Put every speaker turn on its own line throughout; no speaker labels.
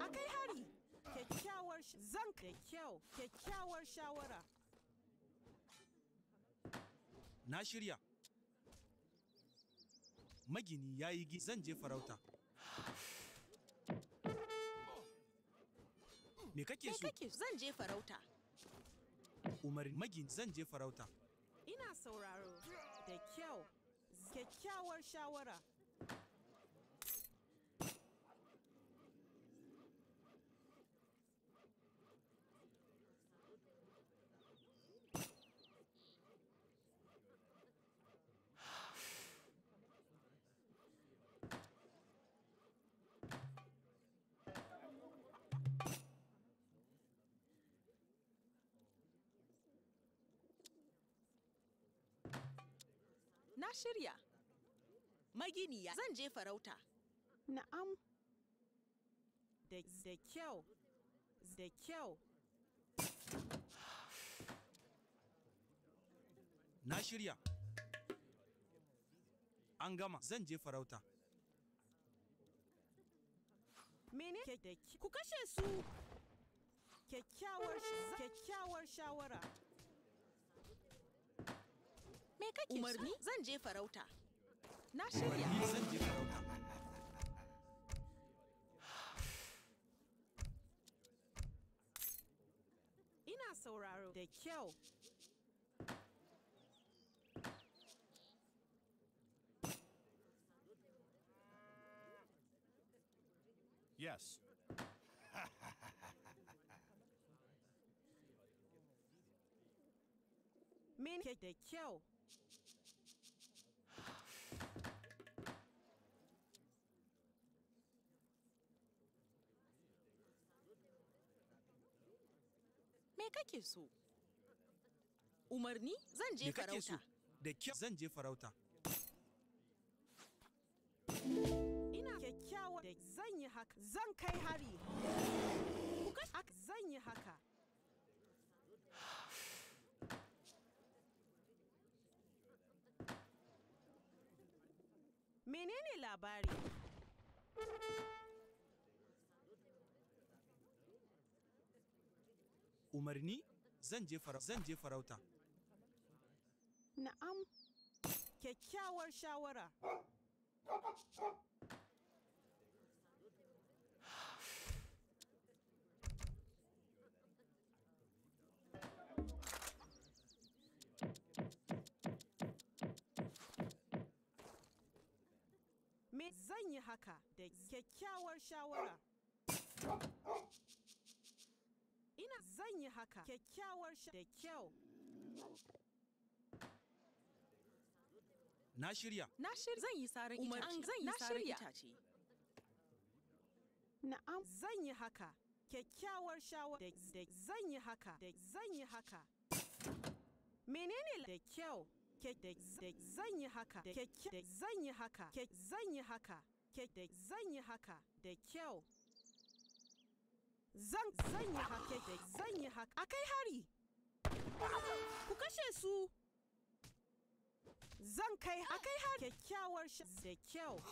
a kai hari kyakkyawar zan da kyau kyakkyawar shawara
na shirya magini ya yi gi zan je farauta me kake so
zan je farauta
umar magini zan je farauta
ina sauraro da kyau kyakkyawar shawara Na shirya. Maginiya zan je farauta. Na'am. Da kyau. Da kyau.
Na shirya. An gama zan je farauta.
Mene ku kashe su kyakkyawar shawara. Me kake Umarni? Zan je farauta. Na shirya. Umarni zan je farauta. Ina sauraro da kyau. Yes. Min da kyau. so umarni zan je farauta
da kyau zan je farauta
ina kyakkyawa da zan yi haka zan kai hari zan yi haka menene labari
umarni zan je farauta.
Na'am, kyakkyawar shawara. Me zan yi haka da kyakkyawar shawara. zan yi haka kyakkyawar sha da kyau. Na shirya. Na shirya. Zan yi sarin itace. Zan yi sarin itace. Na'am. Zan yi haka. Kyakkyawar shawar da zan yi haka. Da zan yi haka. Menene da kyau? Kek zan yi haka. Da kek zan yi haka. Kek zan yi haka. Kek da zan yi haka. Da kyau. Zan zan yi haka. Da Ku kashe su! Zan kai har kyakkyawar sha da kyau.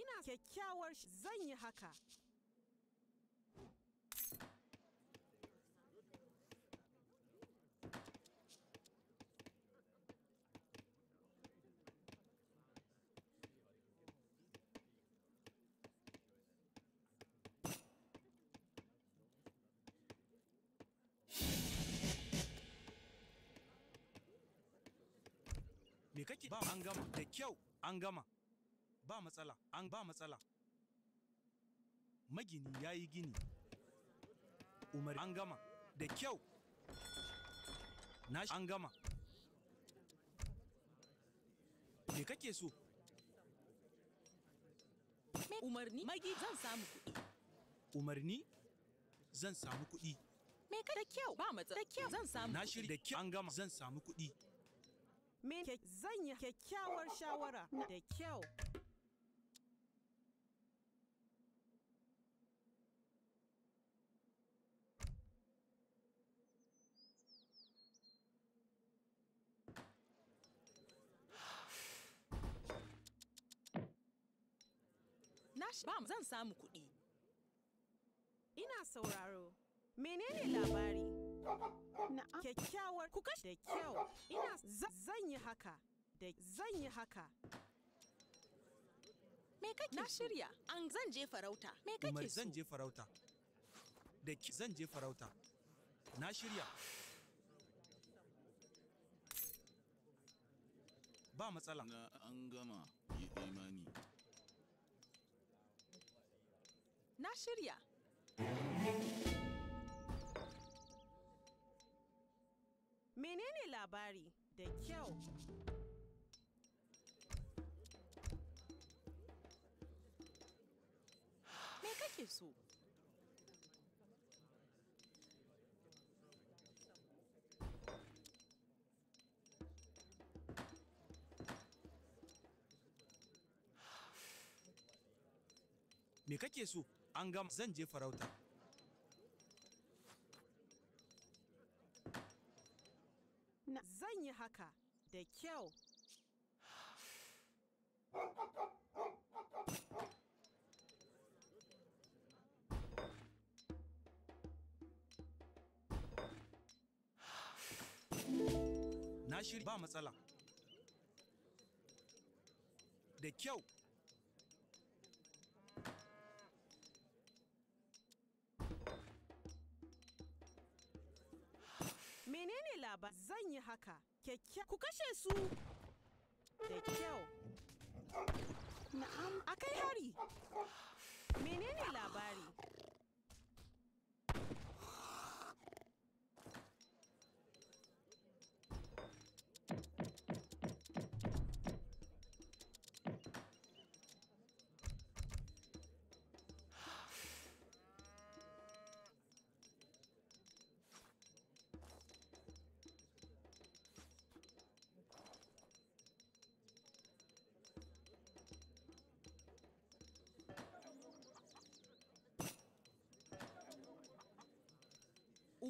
Ina kyakkyawar zan yi haka.
gama da kyau an gama ba matsala an ba matsala magini ya yi gini umar an gama da kyau na an gama me kake so
umarni magi zan samu kuɗi
umarni zan samu kuɗi
me ka da kyau ba matsala da kyau zan samu
na shirya da kyau an gama zan samu kuɗi
min zan yi kyakkyawar shawara da kyau. Bam zan samu kuɗi. Ina sauraro, menene labari? Kyakkyawar ku kashe da kyau. Ina zan yi haka. Da zan yi haka. Me kake Na shirya. An zan je farauta. Me kake so?
zan je farauta. Da ki zan je farauta. Na shirya. Ba matsala. Na an
gama yi imani.
Na shirya. Menene labari da kyau? Me kake so?
Me kake so? An gama zan je farauta.
haka da kyau.
Na shirya ba matsala. Da kyau.
zan yi haka kyakkyau ku kashe su da kyau na'am akai hari menene labari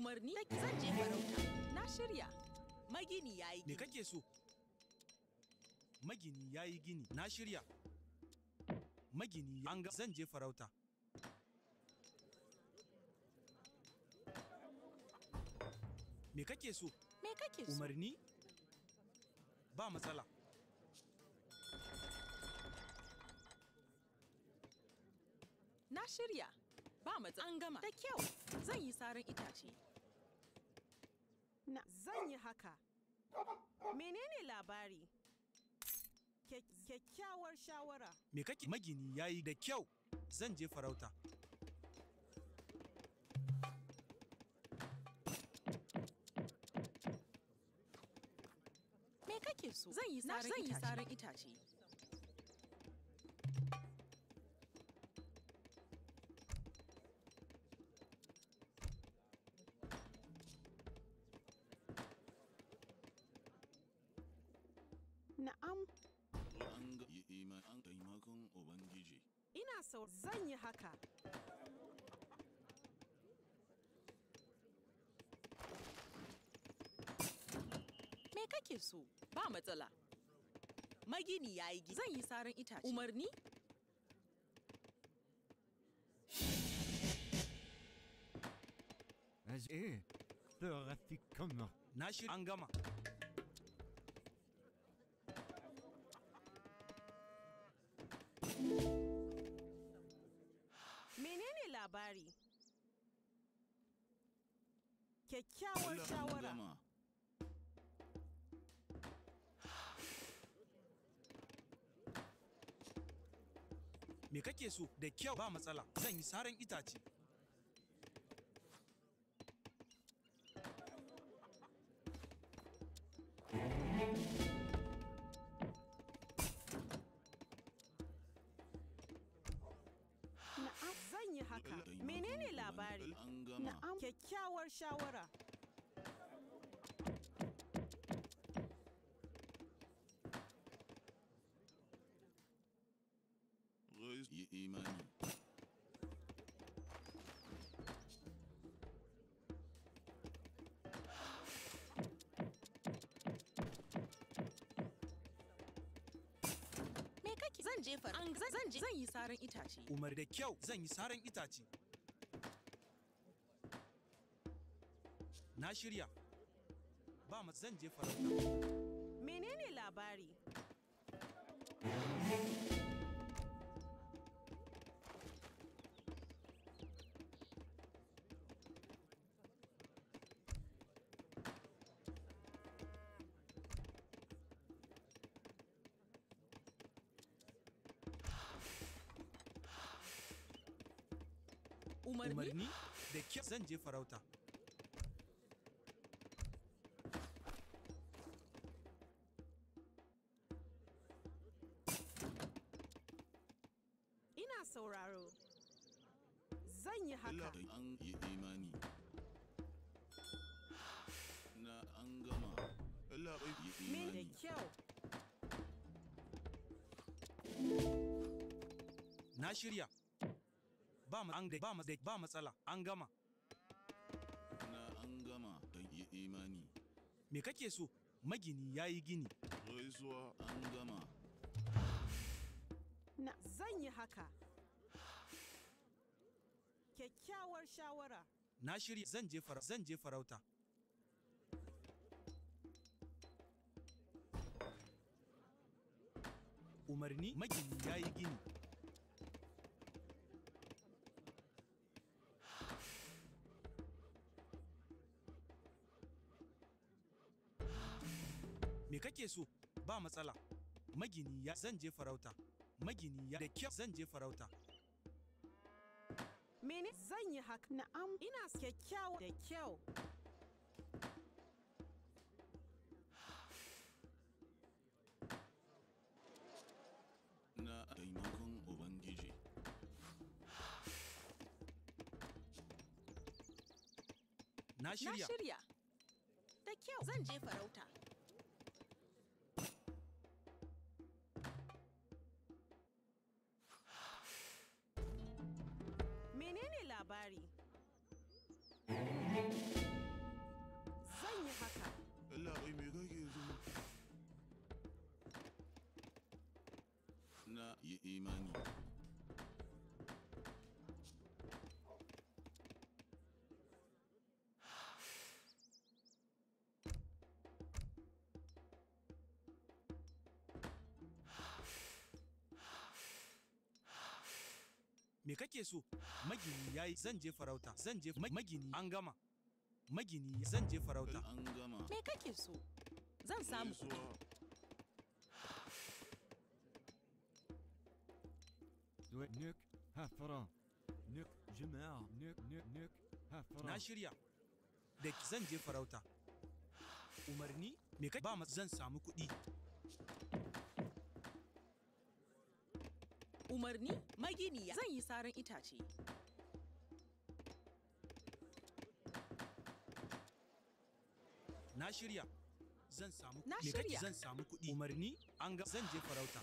umarni zan je farauta. Na shirya. Magini ya yi
gini. Me kake so? Magini ya yi gini. Na shirya. Magini ya ga zan je farauta. Me kake so? Me kake so? Umarni? Ba matsala.
Na shirya. Ba matsala. An gama. Da kyau. Zan yi sarin itace. zan yi haka. Menene labari? Kyakkyawar shawara.
Me kake magini ya yi da kyau zan je farauta.
Me kake so? Zan yi sarin itace.
so ba matsala magini ya yi
zan yi sarin itace umarni
Eh, rafi
Na shi an gama. me kake so da kyau ba matsala zan yi saran itace Umar da kyau zan yi saran itace. Na shirya, ba zan je farauta. umarni da kyau zan je farauta
ina sauraro zan yi haka
an
na shirya ba matsala an gama na an gama so magini ya yi gini
na kyakkyawar shawara
na shirya zan je farauta umarni magini ya yi gini so ba matsala magini ya zan je farauta magini ya da kyau zan je farauta
mene zan yi haka na'am ina kyakkyawa da kyau
na taimakon ubangiji
na shirya
da kyau zan je farauta
imani
me kake so magini ya yi zan je farauta zan je magini an gama magini zan je farauta an gama
me kake so zan samu
wet nuk hafara nuk jima'a nuk nuk nuk hafara na shirya da ki zan je farauta
umarni me kai ba zan samu kuɗi
umarni maginiya zan yi saran itace
na shirya zan samu kuɗi zan samu kuɗi umarni an ga zan je farauta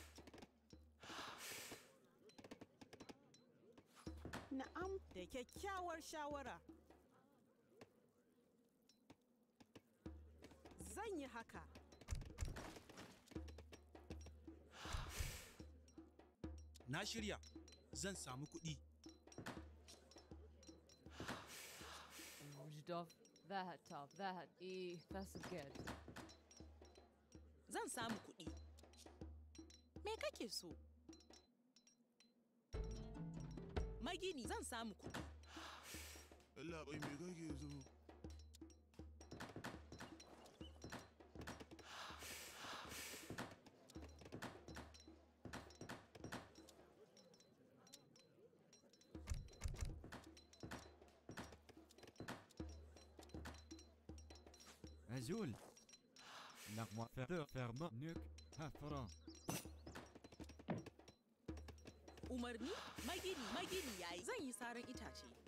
kyakkyawar shawara. Zan yi haka.
Na shirya zan samu kuɗi.
E,
zan samu kuɗi. Me kake so? magini zan samu kuɗi.
Allah bai me kake so
Azul L'armoire ferme, ferme, nuque, affront.
Umarni, magini, magini yayi zan yi saran itace.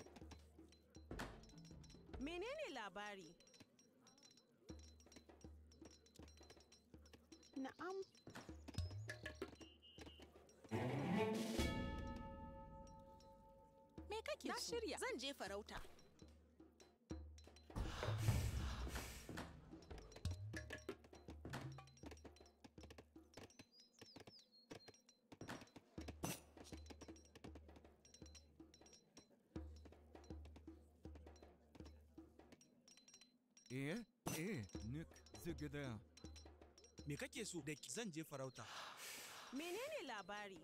je farauta.
Eh, eh, Nuk
Zugudar. Me kake so da zan je farauta?
Menene labari?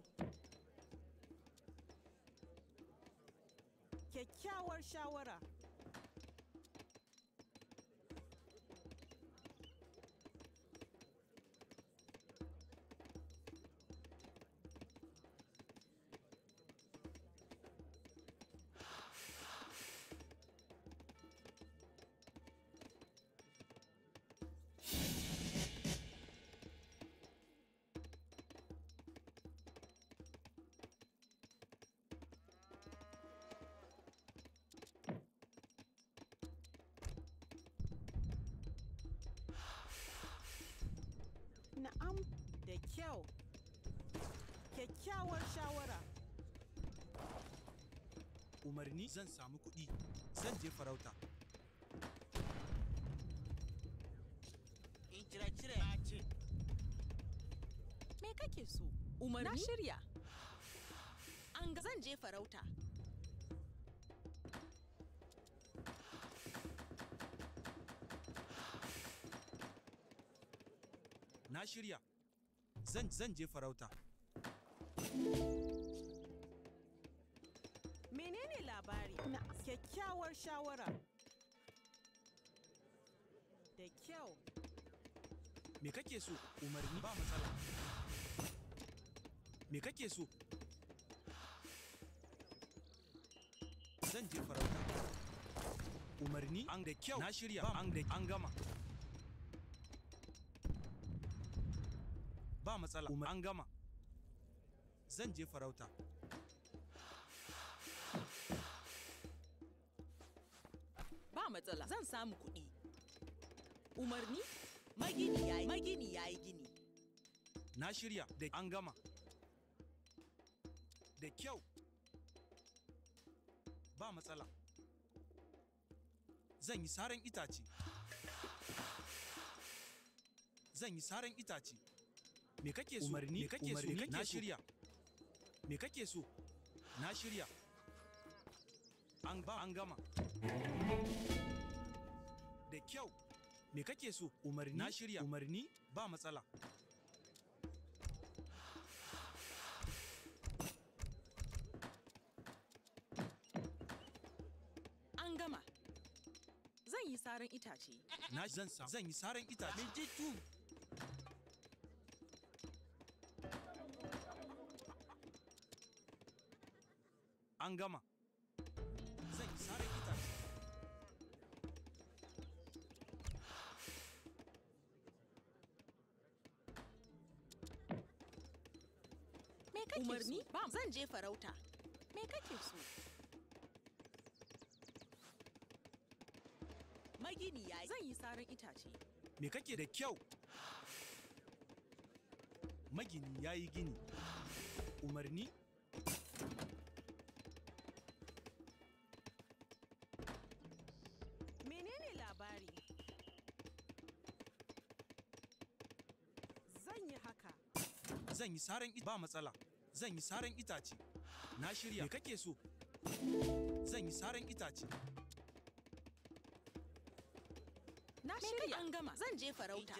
shower shawara am da kyau kyakkyawar shawara
umarni zan samu kuɗi zan je farauta in cire-cire
me kake so umarni na shirya an ga zan je farauta
shirya zan zan je farauta
menene labari na kyakkyawar shawara da kyau
me kake so umarni ba matsala me kake so zan je farauta umarni an da kyau na shirya an gama matsala an gama zan je farauta
ba matsala zan samu kuɗi umarni magini ya yi magini ya yi gini
na shirya da an gama da kyau ba matsala zan yi saran itace zan yi saran itace me kake so umarni so na shirya me kake so na shirya an ba an gama da kyau me kake so umarni na shirya umarni ba matsala
an gama zan yi sarin itace
na zan yi sarin itace me gama zan yi sarar itace
me kake umarni zan je farauta me kake so magini ya yi. zan yi sarar itace
me kake da kyau magini ya yi gini umarni yi saran ba matsala zan yi saran itace na shirya me kake so zan yi saran itace
na shirya an gama zan je farauta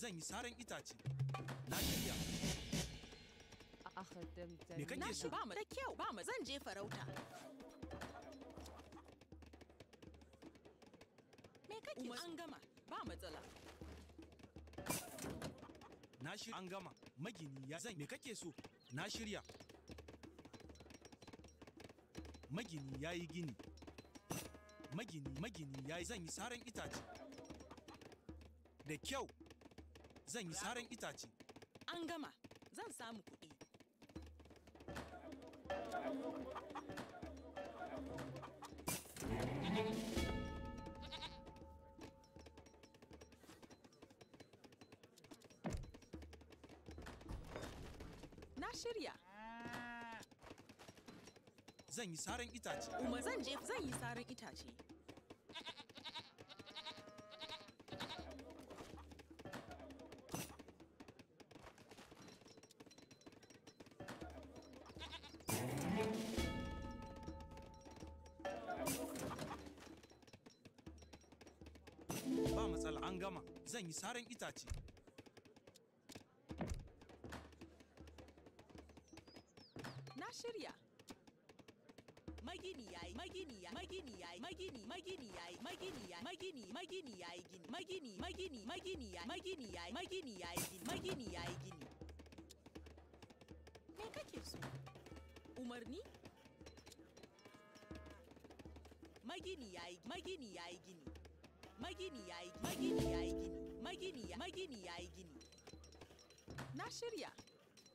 zan yi saran itace na shirya
me kake so ba mu da kyau ba mu zan je farauta me kake an gama ba matsala
shirya an gama magini ya zan me kake so na shirya magini ya yi gini magini magini ya yi zan yi saran itace da kyau zan yi saran itace
an gama zan samu kuɗi Thank you. shirya.
Zan yi saran itace. Uma zan je zan yi
saran itace.
Ba matsala an gama zan yi saran itace.
shirya magini yayi magini yayi magini yayi magini magini yayi magini yayi magini magini yayi gini magini magini magini yayi magini yayi magini yayi gini magini yayi gini me kake so umarni magini yayi magini yayi gini magini yayi magini yayi gini magini yayi magini yayi gini na shirya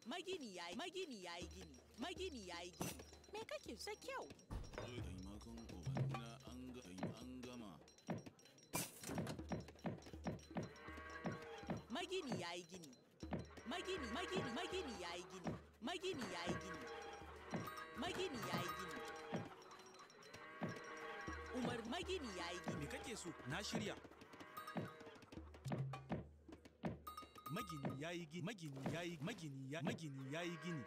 magini yayi magini yayi gini magini ya yi gini me kake sa kyau magini ya yi gini magini magini magini ya yi gini magini ya yi gini magini ya yi gini umar magini ya yi gini kake so na shirya
magini ya yi gini magini ya yi magini ya yi gini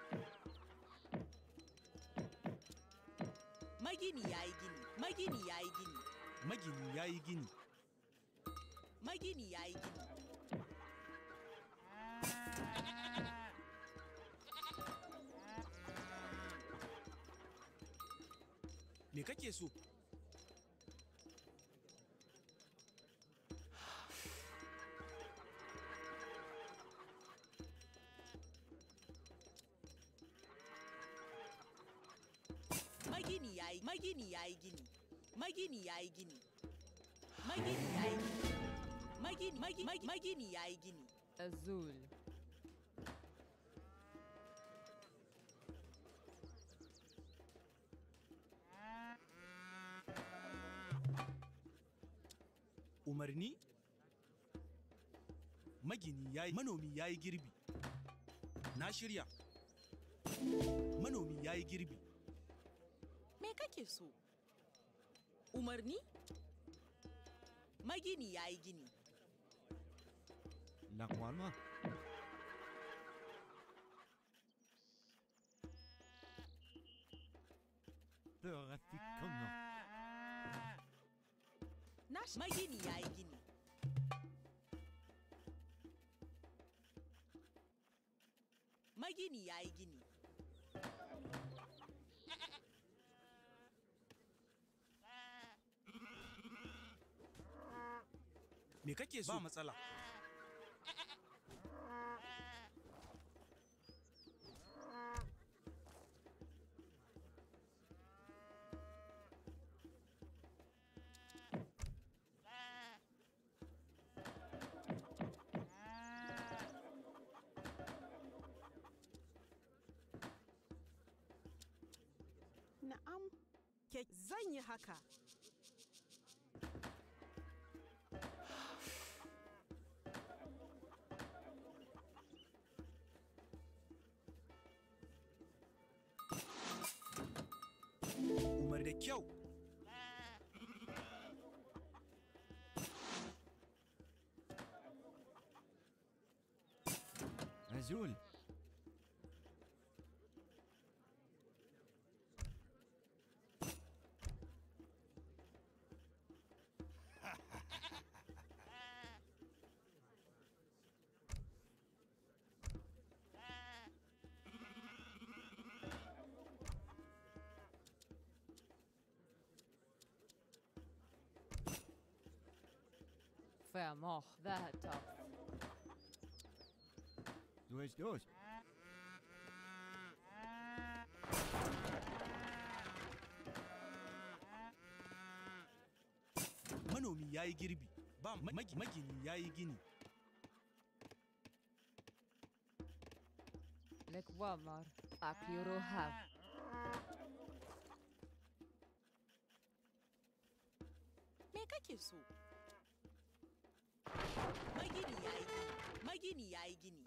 Magini ya yi gini, magini ya yi gini.
Magini ya yi gini.
Magini ya yi gini. Me kake so? magini yaygini. Magini yaygini. Magini magini magini, magini yaygini.
Azul.
Umarni magini yayi manomi yayi girbi. Na shirya. Manomi yayi girbi.
Me kake so? umarni? Magini ya yi gini. La kwalma. Nash magini ya gini. Magini ya gini.
Me kake so? Ba matsala.
Na'am, zan yi haka.
معزول enough, that's tough. Durch, durch.
Manomi ya yi girbi, ba magi ya yi gini.
Lek Lekvamar, Akiro Hav. Me kake so? Magi ni yi gini, magini ya gini.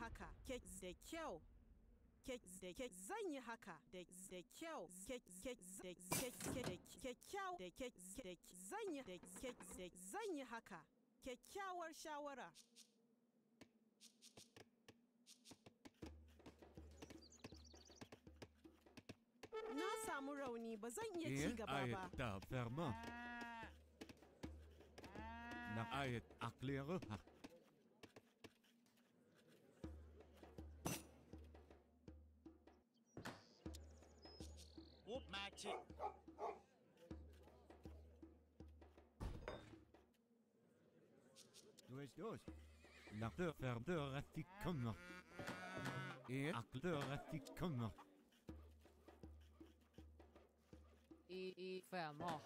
haka ke da kyau ke da ke zan yi haka da da kyau ke ke da ke ke da ke kyau da ke da zan yi da ke da zan yi haka kyakkyawar shawara Na samu rauni ba zan iya ci eh, gaba ba.
ta ferma. Na ayet ha la faire ardeur de comme et acteur comme et, et fermant.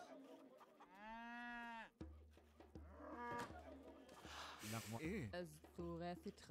L'armoire est.
Est-ce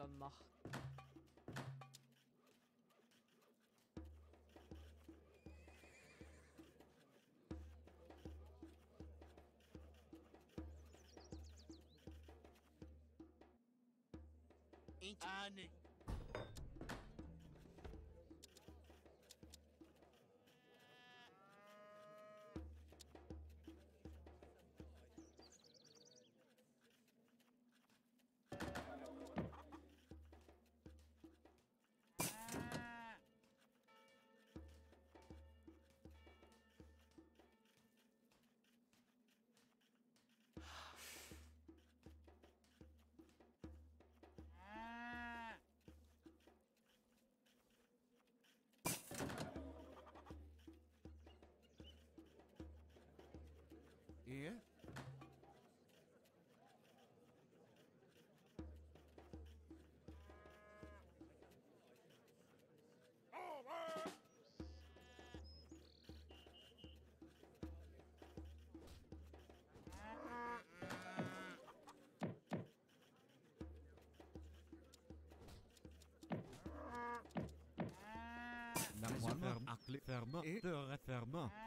here. Normalement, ferme, ferme, ah.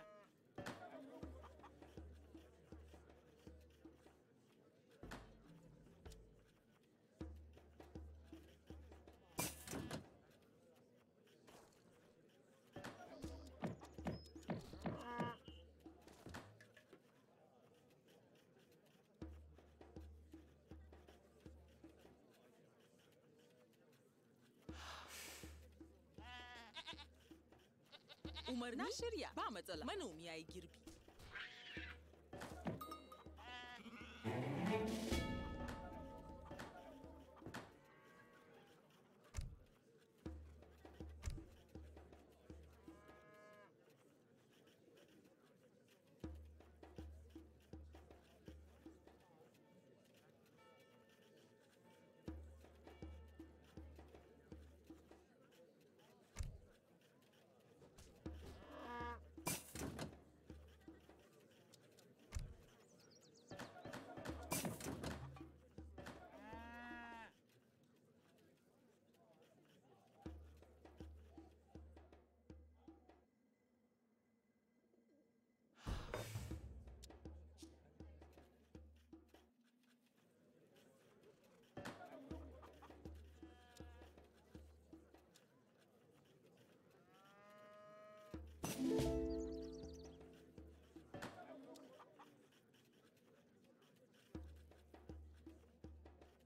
umarni? Na shirya ba matsala manomi ya yi girbi.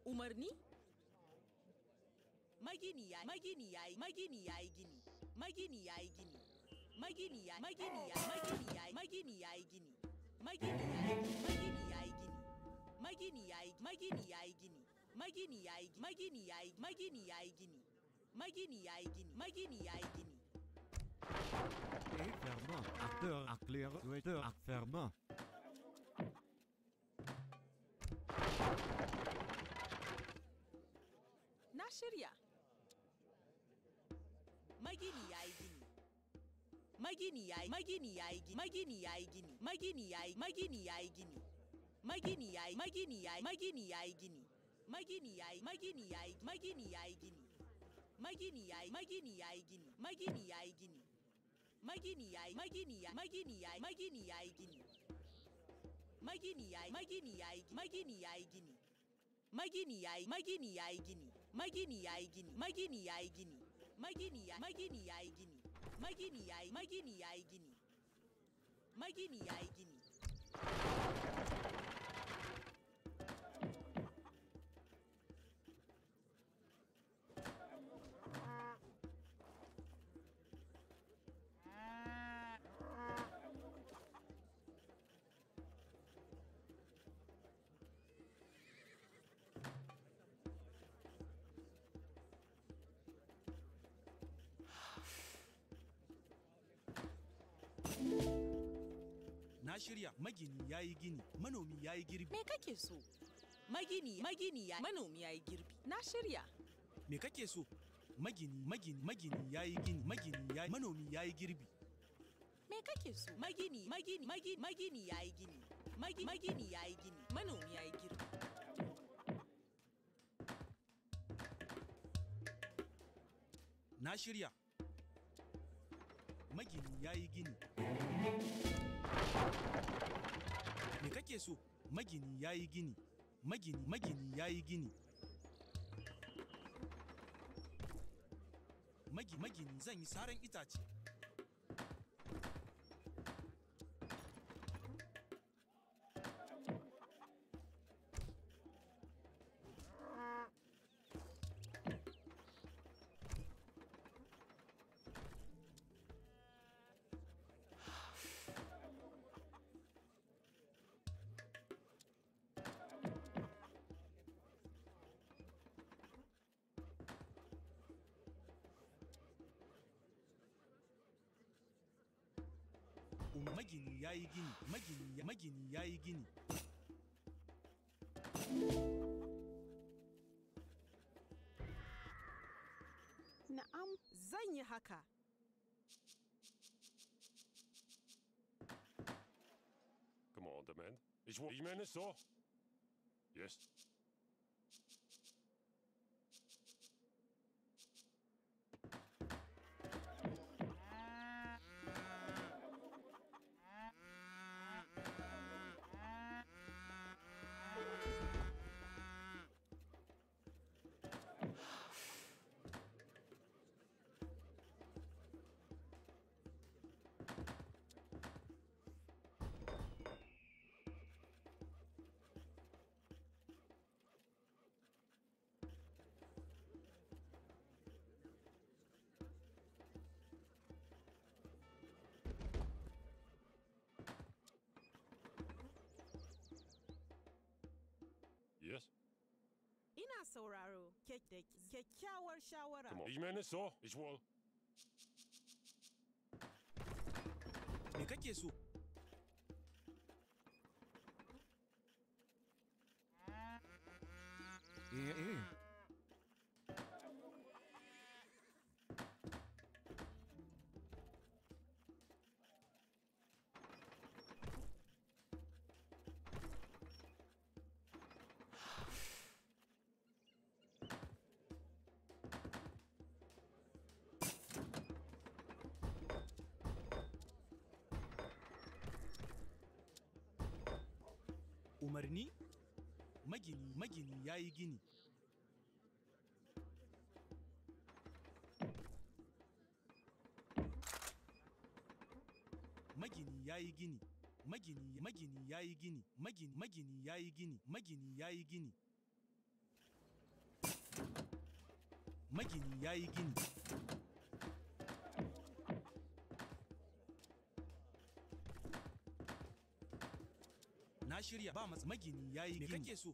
umarni magini ya magini ya magini ya gini magini ya gini magini ya magini ya magini ya magini ya gini magini ya magini ya gini magini ya magini ya gini magini ya magini ya magini ya gini magini ya gini magini ya gini
Et fermant, acteur, acteur, fermant.
shirya magini ya yi gini magini ya yi magini ya yi gini magini ya yi gini magini ya yi magini ya yi gini magini ya yi magini ya yi magini ya yi gini magini ya yi magini ya yi magini ya yi gini magini ya yi magini ya yi gini magini ya yi gini magini ya yi magini ya magini ya yi magini ya yi gini magini ya yi magini ya yi magini ya yi gini magini ya yi magini ya yi gini magini ya yi gini magini ya yi gini magini ya magini ya yi gini magini ya yi magini ya yi gini magini ya yi gini
shirya magini ya yi gini manomi ya yi girbi
me kake so magini magini ya manomi ya yi girbi na shirya
me kake so magini magini magini ya yi gini magini ya manomi ya yi girbi
me kake so magini magini magini magini ya yi gini magini magini ya yi gini manomi ya yi girbi
na shirya magini ya yi gini. Me kake so? Magini ya yi gini. Magini, magini ya yi gini. Magi, magini zan yi saran itace. ya
Na'am, zan yi haka.
Come on, the man. Ich will, ich meine so. Yes.
Ina sauraro kyakkyawar shawara.
Ijmeni so, Ishwal.
Me kake so? ya yi gini magini ya yi gini magini magini ya yi gini magini magini ya yi gini magini ya yi gini magini ya yi gini na shirya ba masa magini ya yi gini me kake so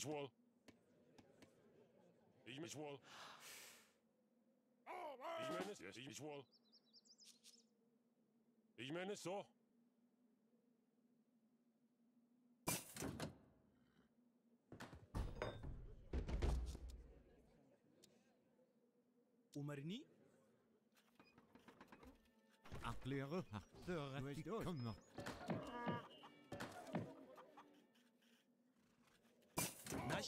His wall. His wall. Jimenez, yes, his wall. Jimenez, so.
Omarni? Appeleren, harder, ik kan nog.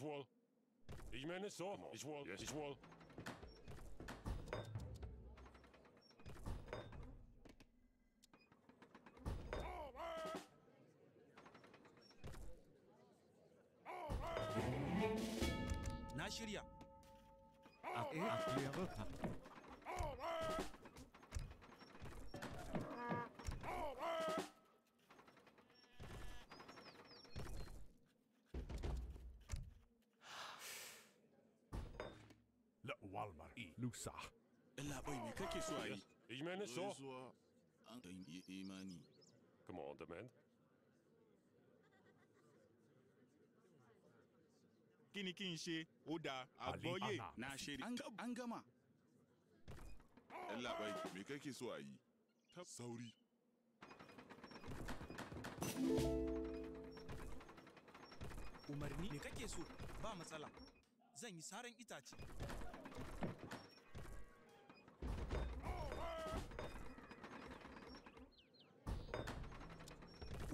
iç wall. Ich meine so, iç wall, yes. iç wall.
Naşir yap.
Aklı yap.
do sa me kake so eh, come on the man ṣe da na ṣeré an gama labai me kake
so yi sauri umarni me kake so ba matsala zan yi saran itace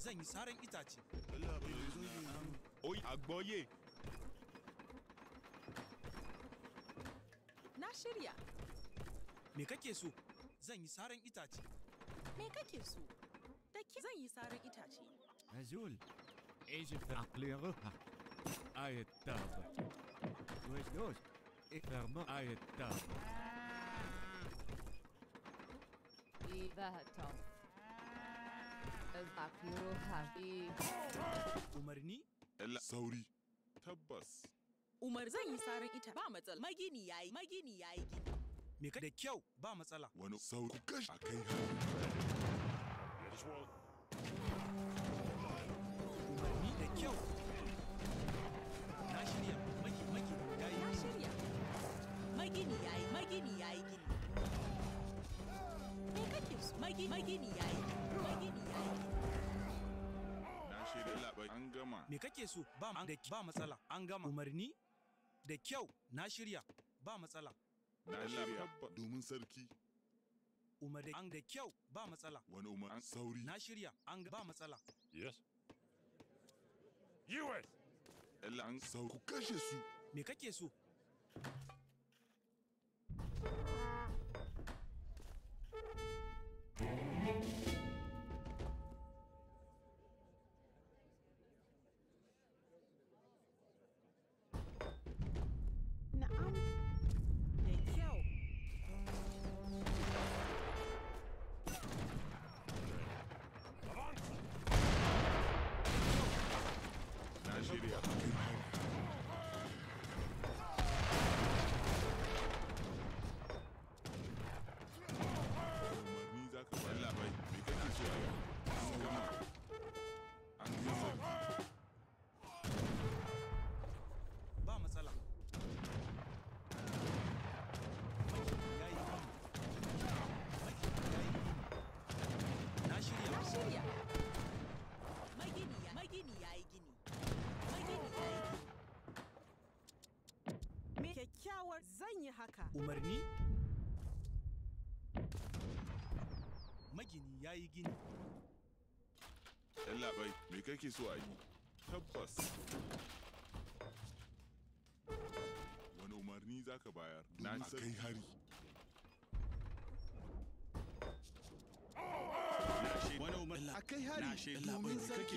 zan yi saran itace. Oi, agboye! Na shirya. Me kake so? Zan yi saran itace.
Me kake so? Da ki zan yi saran itace.
Azul, Egypt ha. Ayet tab. Göz göz. E ayet tab. İyi ve tam. Zakuro Cafe.
Umarni?
Sauri. Tabbas.
Umar zan yi sarin ita ba matsala. Magini yayi, magini yayi gini.
Me ka da kyau ba matsala. Wani sauri kashi a kai
Umarni da kyau.
Na shirya magi magi yayi. Na shirya. Magini yayi, magini yayi gini. Me kake so? Magini yayi.
gama. Me kake so? Ba ba matsala. An gama. Umarni da kyau na shirya. Ba matsala. Na shirya domin sarki. Umarni da an da kyau ba matsala. Wani umar sauri. Na shirya an ba matsala. Yes.
US. Ella an sauri. ku kashe su. Me kake so? thank you
Umarni? Magini ya yi gini.
labai me kake so a yi? Tabbas. Wani umarni za ka bayar? Na kai hari.
Wani umarni? A kai hari, domin sarki.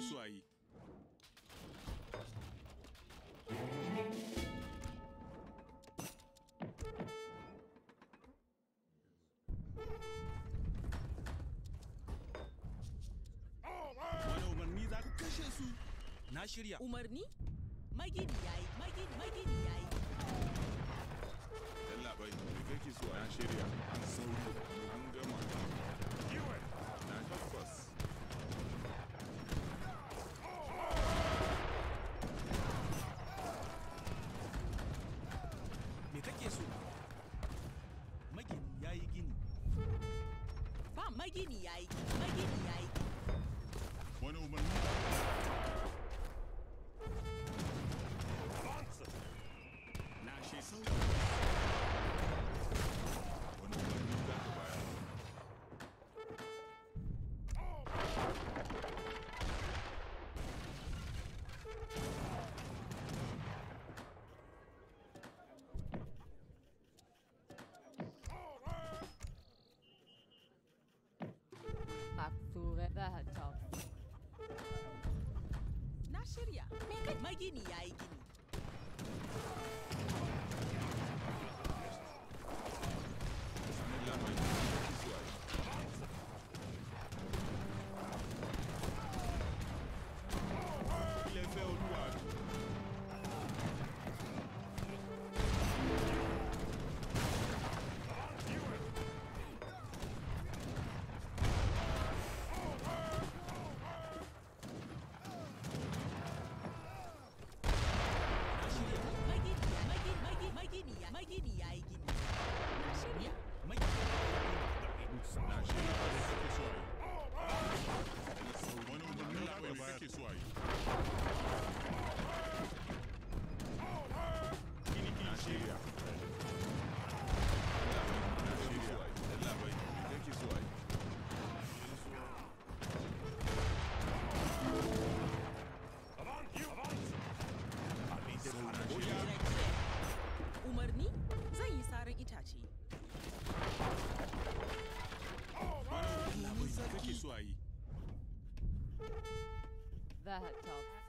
Umarni? Magini ya yi magini, magini yayi.
Yalla bai, me kake so an shirya? An sauri, an gama. Kiwon! Na tabbas.
Me kake so? Magini ya yi gini.
Ba magini ya yi magini That Na shirya. Magini ya yi gini.
That helps.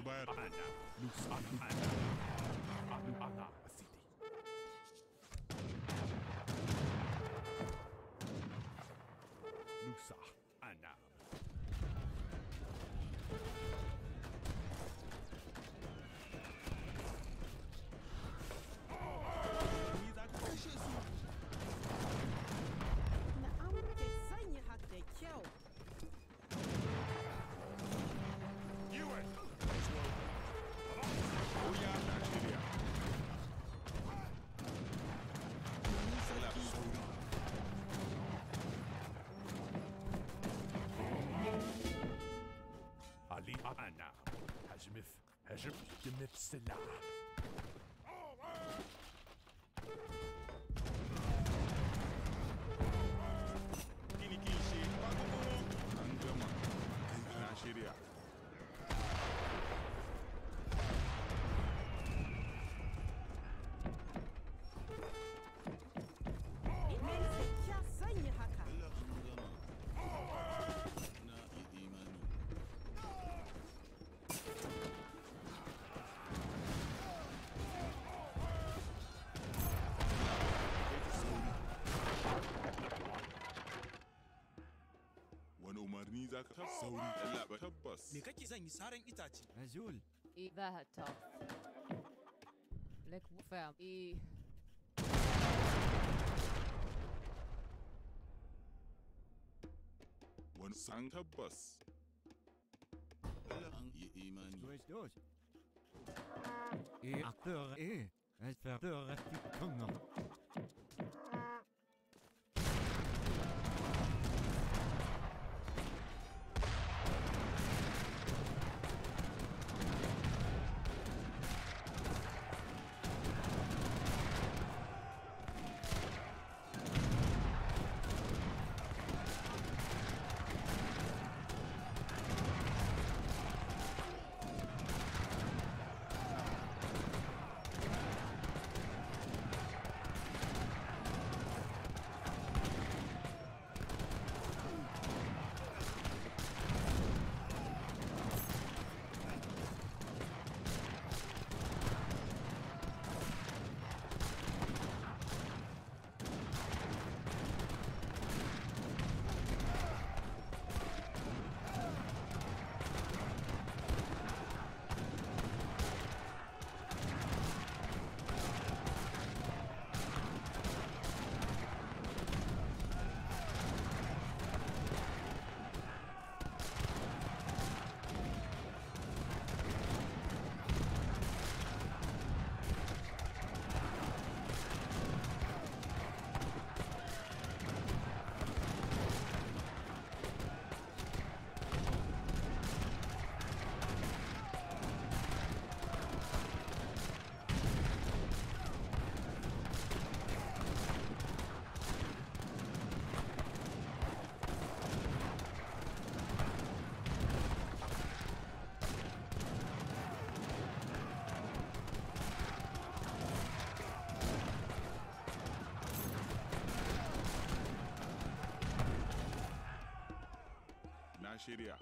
Mr. Bad. Loose. Stella. sauri yallaɓa tabbas me kake zan yi saran
itace rajul
إذا هتعرف لك فاهم إيه
wani san tabbas
an yi imani durch durch
e akteur e es verdeur die kunger
sheria.